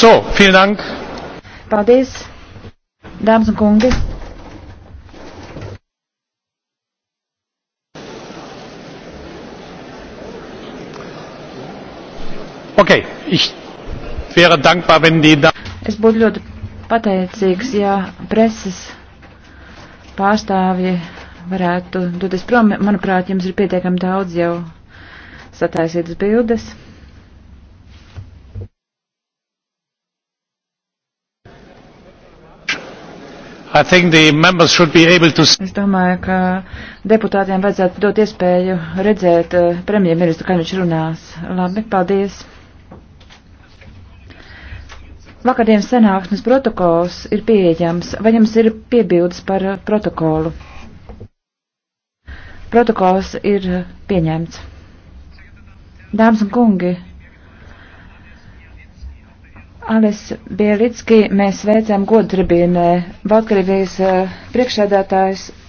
So, vielen Dank. Paldies, dāmas un kungi. Okay, ich wäre dankbar, wenn die da Es būtu ļoti pateicīgs, ja preses pārstāvji varētu doties prom. Manuprāt, jums ir pietiekami daudz jau sataisītas bildes. To... Es domāju, ka deputātiem vajadzētu dot iespēju redzēt eh, premjerministru, kā viņš runās. Labi, paldies. Vakardienas senāksmes protokols ir pieejams. Vai jums ir piebildes par eh, protokolu? Protokols ir pieņemts. Dāmas un kungi, Alis Bielicki mēs veicam godribīnē Baltkrievijas eh, priekšsēdētājs